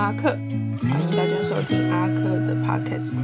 阿克，歡迎大家收聽阿克的 Podcast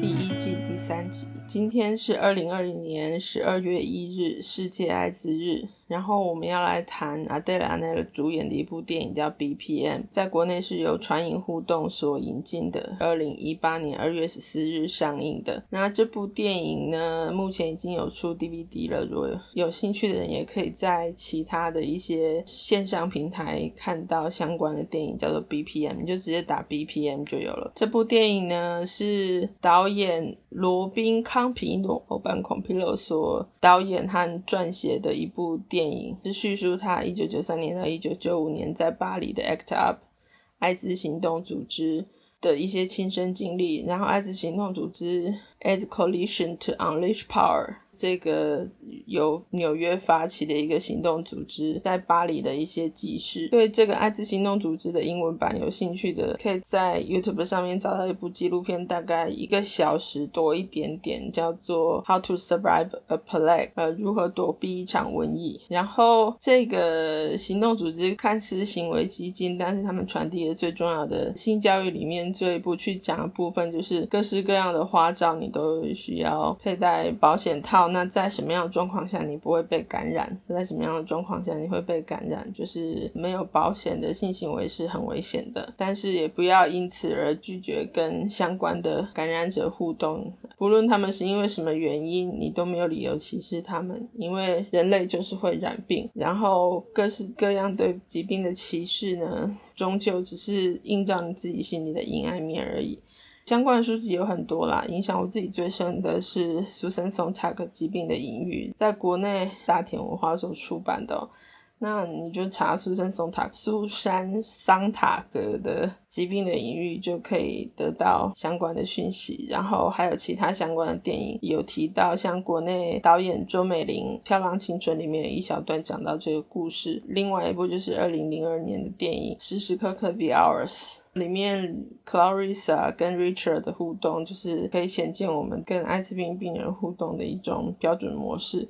第一。第三集，今天是二零二零年十二月一日，世界艾滋日。然後我們要來談 Adèle Haenel 主演的一部電影，叫 B P M，在國內是由傳影互動所引進的，二零一八年二月十四日上映的。那這部電影呢，目前已經有出 DVD 了，如果有，有興趣的人，也可以在其他的一些線上平台看到相關的電影，叫做 B P M，你就直接打 B P M 就有了。這部電影呢，是導演，羅賓·康皮諾歐班孔皮洛所導演和撰寫的一部電影，是敘述他1993年到1995年在巴黎的 ACT UP 艾滋行動組織的一些親身經歷。然後，艾滋行動組織 （AIDS Coalition to Unleash Power）。這個由紐約發起的一個行動組織，在巴黎的一些集市。對這個艾滋行動組織的英文版有興趣的，可以在 YouTube 上面找到一部紀錄片，大概一個小時多一點點，叫做《How to Survive a Plague》，呃，如何躲避一場瘟疫。然後這個行動組織看似行為基金，但是他們傳遞的最重要的性教育裡面最不去講的部分，就是各式各樣的花招，你都需要佩戴保險套。好，那在什麼樣的狀況下你不會被感染？在什麼樣的狀況下你會被感染？就是沒有保險的性行為是很危險的，但是也不要因此而拒絕跟相關的感染者互動。不論他們是因為什麼原因，你都沒有理由歧視他們，因為人類就是會染病。然後各式各樣對疾病的歧視呢，終究只是映照你自己心裡的陰暗面而已。相關的書籍有很多啦，影響我自己最深的是《Susan Sontag 疾病的隱喻》，在國內大田文化所出版的。那你就查蘇珊·松塔蘇珊·桑塔格的疾病的隱喻，就可以得到相關的訊息。然後還有其他相關的電影，有提到像國內導演周美玲《漂浪青春》裡面有一小段講到這個故事。另外一部就是二零零二年的電影《時時刻刻》（The Hours），裡面 Clarissa 跟 Richard 的互動，就是可以顯見我們跟艾滋病病人互動的一種標準模式，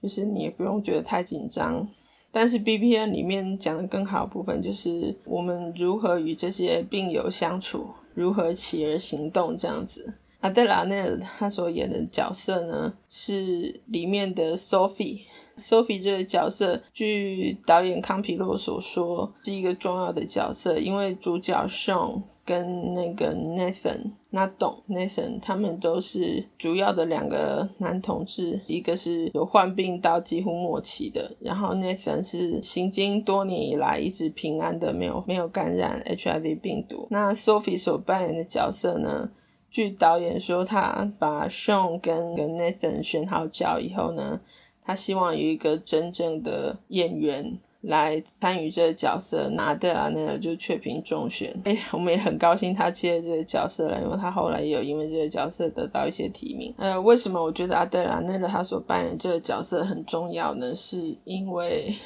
就是你也不用覺得太緊張。但是 BPM 裡面講的更好的部分就是我們如何與這些病友相處，如何起而行動這樣子。阿黛兒阿奈爾他所演的角色呢，是裡面的 Sophie。Sophie 這個角色，據導演康皮洛所說，是一個重要的角色，因為主角 Sean 跟那個 Nathan 那、那董 Nathan 他們都是主要的兩個男同志，一個是有患病到幾乎末期的，然後 Nathan 是行經多年以來一直平安的，沒有沒有感染 HIV 病毒。那 Sophie 所扮演的角色呢？據導演說，他把 Sean 跟跟 Nathan 選好角以後呢，他希望有一個真正的演員。來參與這個角色，阿黛兒阿奈爾就雀屏中選。哎，我們也很高興他接了這個角色了，因為他後來也有因為這個角色得到一些提名。呃，為什麼我覺得阿黛兒阿奈爾他所扮演這個角色很重要呢？是因為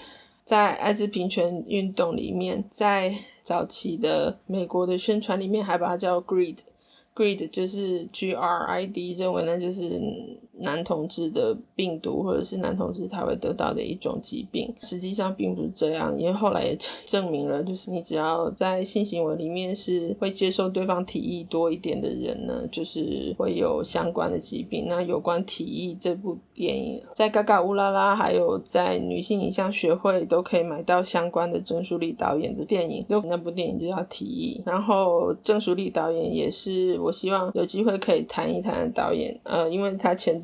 在艾滋平權運動裡面，在早期的美國的宣傳裡面，還把它叫 GRID，GRID 就是 G R I D，認為呢就是。男同志的病毒或者是男同志才會得到的一種疾病，實際上並不是這樣，因為後來也證明了，就是你只要在性行為裡面是會接受對方體液多一點的人呢，就是會有相關的疾病。那有關體液這部電影，在嘎嘎烏拉拉還有在女性影像學會都可以買到相關的鄭淑麗導演的電影，就那部電影就叫《體液》，然後鄭淑麗導演也是，我希望有機會可以談一談導演，呃，因為他前。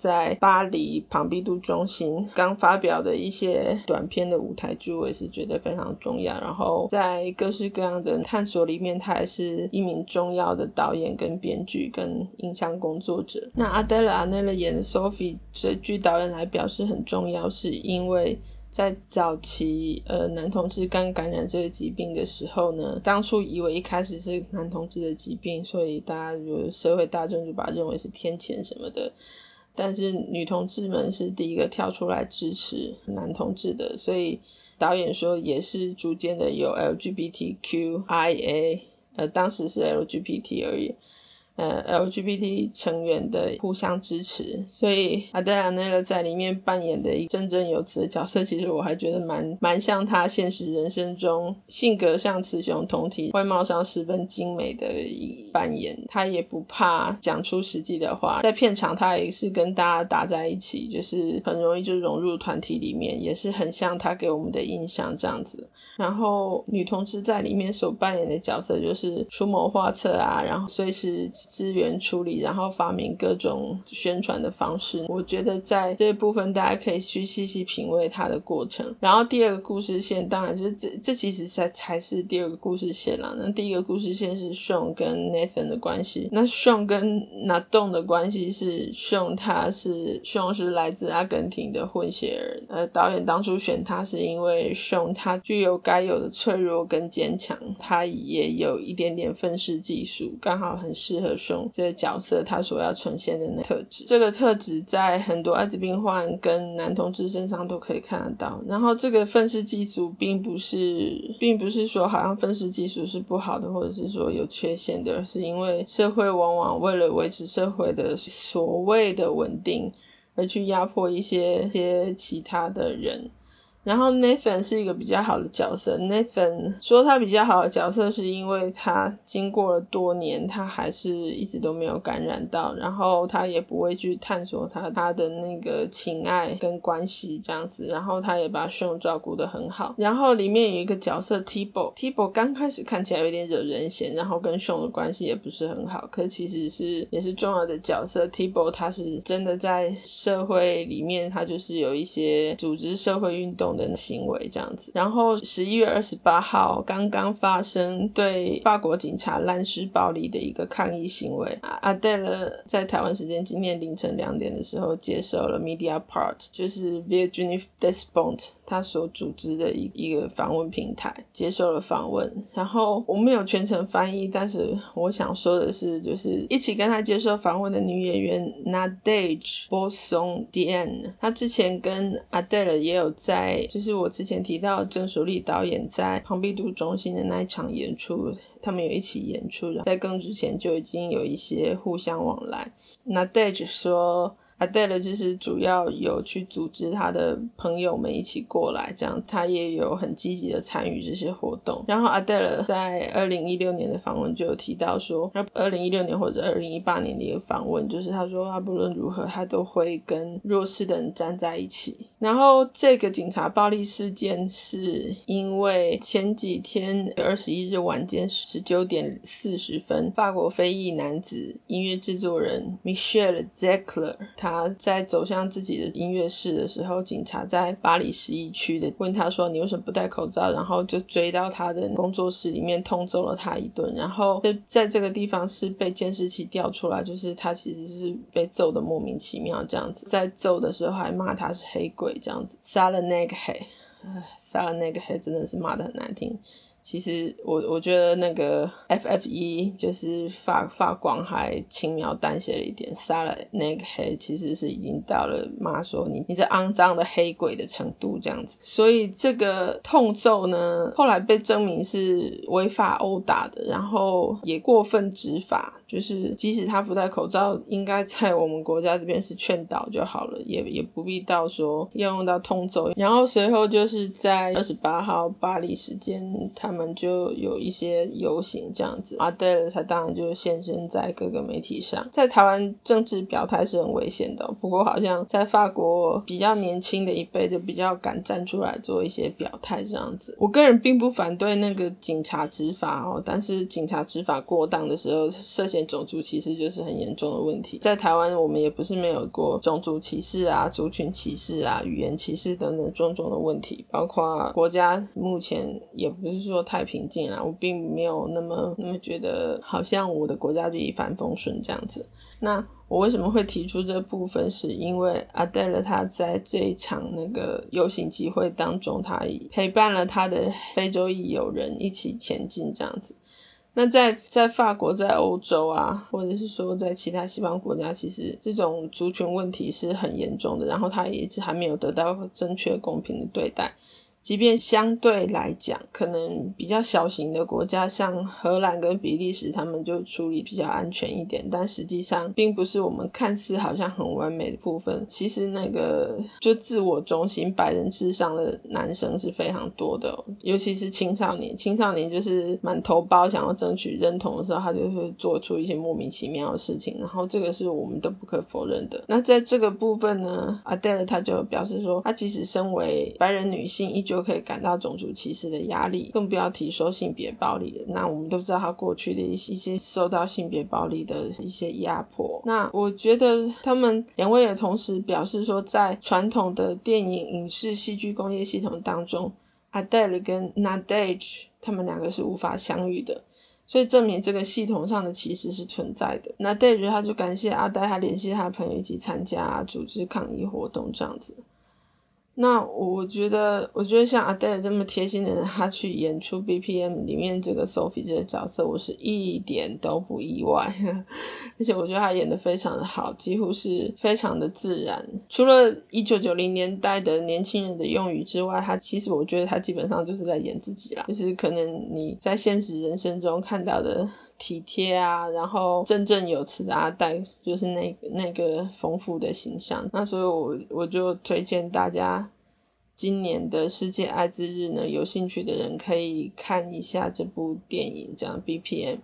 在巴黎龐畢度中心剛發表的一些短片的舞台劇，我也是覺得非常重要。然後在各式各樣的探索裡面，他還是一名重要的導演、跟編劇、跟影像工作者。那阿黛兒阿奈爾演的 Sophie 這劇導演來表示很重要，是因為。在早期，呃，男同志剛感染這個疾病的時候呢，當初以為一開始是男同志的疾病，所以大家有社會大眾就把它認為是天譴什麼的。但是女同志們是第一個跳出來支持男同志的，所以導演說也是逐漸的有 LGBTQIA，呃，當時是 LGBT 而已。呃，LGBT 成員的互相支持，所以阿黛兒阿奈爾在裡面扮演的一振振有詞的角色，其實我還覺得蠻蠻像他現實人生中性格像雌雄同體、外貌上十分精美的一扮演。他也不怕講出實際的話，在片場他也是跟大家打在一起，就是很容易就融入團體裡面，也是很像他給我們的印象這樣子。然後女同志在裡面所扮演的角色就是出謀劃策啊，然後隨時。資源處理，然後發明各種宣傳的方式。我覺得在這部分，大家可以去細細品味它的過程。然後第二個故事線，當然就是這這其實才才是第二個故事線啦。那第一個故事線是 Sean 跟 Nathan 的關係。那 Sean 跟拿 Don 的關係是 Sean 他是 Sean 是來自阿根廷的混血兒，呃，導演當初選他是因為 Sean 他具有該有的脆弱跟堅強，他也有一點點分世技術，剛好很適合。這個角色他所要呈現的那特質，這個特質在很多艾滋病患跟男同志身上都可以看得到。然後這個憤世嫉俗並不是，並不是說好像憤世嫉俗是不好的，或者是說有缺陷的，而是因為社會往往為了維持社會的所謂的穩定，而去壓迫一些些其他的人。然後 Nathan 是一個比較好的角色。Nathan 說他比較好的角色是因為他經過了多年，他還是一直都沒有感染到，然後他也不會去探索他他的那個情愛跟關係這樣子，然後他也把 Sean 照顧得很好。然後裡面有一個角色 Tibo，Tibo 剛開始看起來有點惹人嫌，然後跟 Sean 的關係也不是很好，可其實是也是重要的角色。Tibo 他是真的在社會裡面，他就是有一些組織社會運動的行為這樣子，然後十一月二十八號剛剛發生對法國警察濫施暴力的一個抗議行為。Adèle 在台灣時間今天凌晨兩點的時候接受了 Mediapart，就是 Virginie Despentes 她所組織的一一個訪問平台接受了訪問。然後我沒有全程翻譯，但是我想說的是，就是一起跟她接受訪問的女演員 Nadège Beauson-Diagne 她之前跟 Adèle 也有在。就是我之前提到鄭淑麗導演在龐畢度中心的那一場演出，他們有一起演出的，然後在更之前就已經有一些互相往來。那 Dage 說阿黛兒就是主要有去組織他的朋友們一起過來，這樣他也有很積極的參與這些活動。然後阿黛兒在二零一六年的訪問就有提到說，二零一六年或者二零一八年的一個訪問，就是他說他不論如何，他都會跟弱勢的人站在一起。然後這個警察暴力事件是因為前幾天二十一日晚間十九點四十分，法國非裔男子音樂製作人 Michel Zekler，他在走向自己的音樂室的時候，警察在巴黎十一區的問他說你為什麼不戴口罩，然後就追到他的工作室裡面，痛揍了他一頓。然後在在這個地方是被監視器調出來，就是他其實是被揍得莫名其妙這樣子，在揍的時候還罵他是黑鬼。這樣子殺了那個黑，呃，殺了那個黑，真的是罵得很難聽。其實我我覺得那個 F F E 就是發發光還輕描淡寫了一點殺了那個黑，其實是已經到了罵說你你這骯髒的黑鬼的程度這樣子。所以這個痛揍呢，後來被證明是違法毆打的，然後也過分執法。就是即使他不戴口罩，應該在我們國家這邊是勸導就好了，也也不必到說要用到痛揍。然後隨後就是在二十八號巴黎時間，他們就有一些遊行這樣子啊。對了，他當然就現身在各個媒體上。在台灣政治表態是很危險的，不過好像在法國比較年輕的一輩就比較敢站出來做一些表態這樣子。我個人並不反對那個警察執法哦，但是警察執法過當的時候，涉嫌。種族歧視就是很嚴重的問題，在台灣我們也不是沒有過種族歧視啊、族群歧視啊、語言歧視等等種種的問題，包括國家目前也不是說太平靜啦，我並沒有那麼那麼覺得好像我的國家就一帆風順這樣子。那我為什麼會提出這部分，是因為阿黛爾他在這一場那個遊行集會當中，他陪伴了他的非洲裔友人一起前進這樣子。那在在法國，在歐洲啊，或者是說在其他西方國家，其實這種族群問題是很嚴重的，然後他也一直還沒有得到正確公平的對待。即便相對來講，可能比較小型的國家，像荷蘭跟比利時，他們就處理比較安全一點。但實際上，並不是我們看似好像很完美的部分。其實那個就自我中心、白人至上的男生是非常多的哦，尤其是青少年。青少年就是滿頭包，想要爭取認同的時候，他就會做出一些莫名其妙的事情。然後這個是我們都不可否認的。那在這個部分呢，Adele 她就表示說，她即使身為白人女性，依舊，就可以感到種族歧視的壓力，更不要提說性別暴力了。那我們都知道他過去的一些受到性別暴力的一些壓迫。那我覺得他們兩位也同時表示說，在傳統的電影影視戲劇工業系統當中，阿黛爾跟納達奇他們兩個是無法相遇的，所以證明這個系統上的歧視是存在的。納達奇他就感謝阿黛，他聯繫他的朋友一起參加組織抗議活動，這樣子。那我覺得，我覺得像阿黛 e 這麼貼心的人，他去演出 B P M 裡面這個 Sophie 這個角色，我是一點都不意外，而且我覺得他演的非常的好，幾乎是非常的自然。除了一九九零年代的年輕人的用語之外，他其實我覺得他基本上就是在演自己啦。就是可能你在現實人生中看到的。體貼啊，然後振振有詞啊，阿黛就是那那個豐富的形象。那所以我，我我就推薦大家，今年的世界艾滋日呢，有興趣的人可以看一下這部電影，叫 BPM。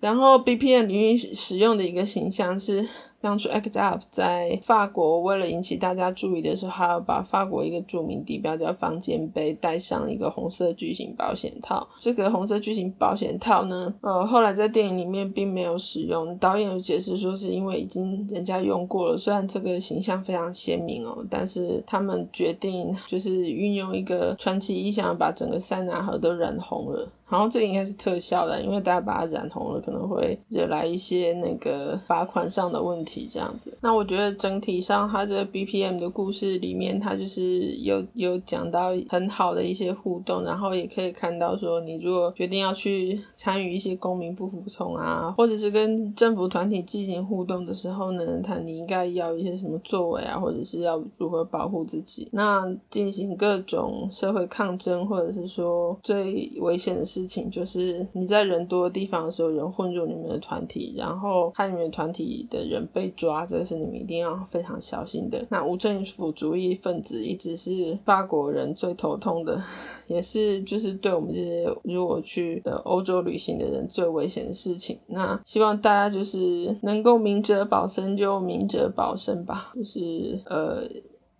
然後 BPM 裡面使用的一個形象是。當初 Act Up 在法國為了引起大家注意的時候，還要把法國一個著名地標叫方尖碑戴上一個紅色巨型保險套。這個紅色巨型保險套呢，呃，後來在電影裡面並沒有使用。導演有解釋說，是因為已經人家用過了，雖然這個形象非常鮮明哦，但是他們決定就是運用一個傳奇意象，把整個塞納河都染紅了。然後這個應該是特效的，因為大家把它染紅了，可能會惹來一些那個罰款上的問題。這樣子，那我覺得整體上，他這個 BPM 的故事裡面，他就是有有講到很好的一些互動，然後也可以看到說，你如果決定要去參與一些公民不服從啊，或者是跟政府團體進行互動的時候呢，他你應該要一些什麼作為啊，或者是要如何保護自己。那進行各種社會抗爭，或者是說最危險的事情，就是你在人多的地方的時候，人混入你們的團體，然後看你們團體的人被。被抓，這是你們一定要非常小心的。那無政府主義分子一直是法國人最頭痛的，也是就是對我們這些如果去、呃、歐洲旅行的人最危險的事情。那希望大家就是能夠明哲保身就明哲保身吧，就是呃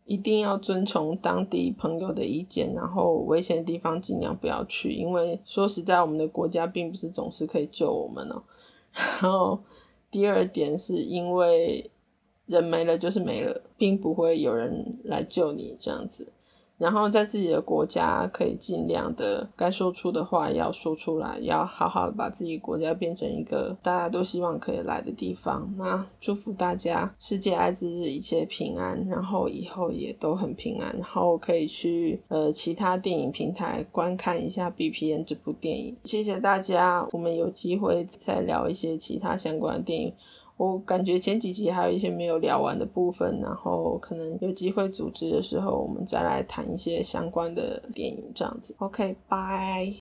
一定要遵從當地朋友的意見，然後危險的地方盡量不要去，因為說實在，我們的國家並不是總是可以救我們呢、哦。然後。第二點是因為人沒了就是沒了，並不會有人來救你這樣子。然後在自己的國家，可以盡量的該說出的話要說出來，要好好把自己國家變成一個大家都希望可以來的地方。那祝福大家世界艾滋日一切平安，然後以後也都很平安，然後可以去呃其他電影平台觀看一下 BPM 這部電影。謝謝大家，我們有機會再聊一些其他相關的電影。我感覺前幾集還有一些沒有聊完的部分，然後可能有機會組織的時候，我們再來談一些相關的電影，這樣子。OK，bye。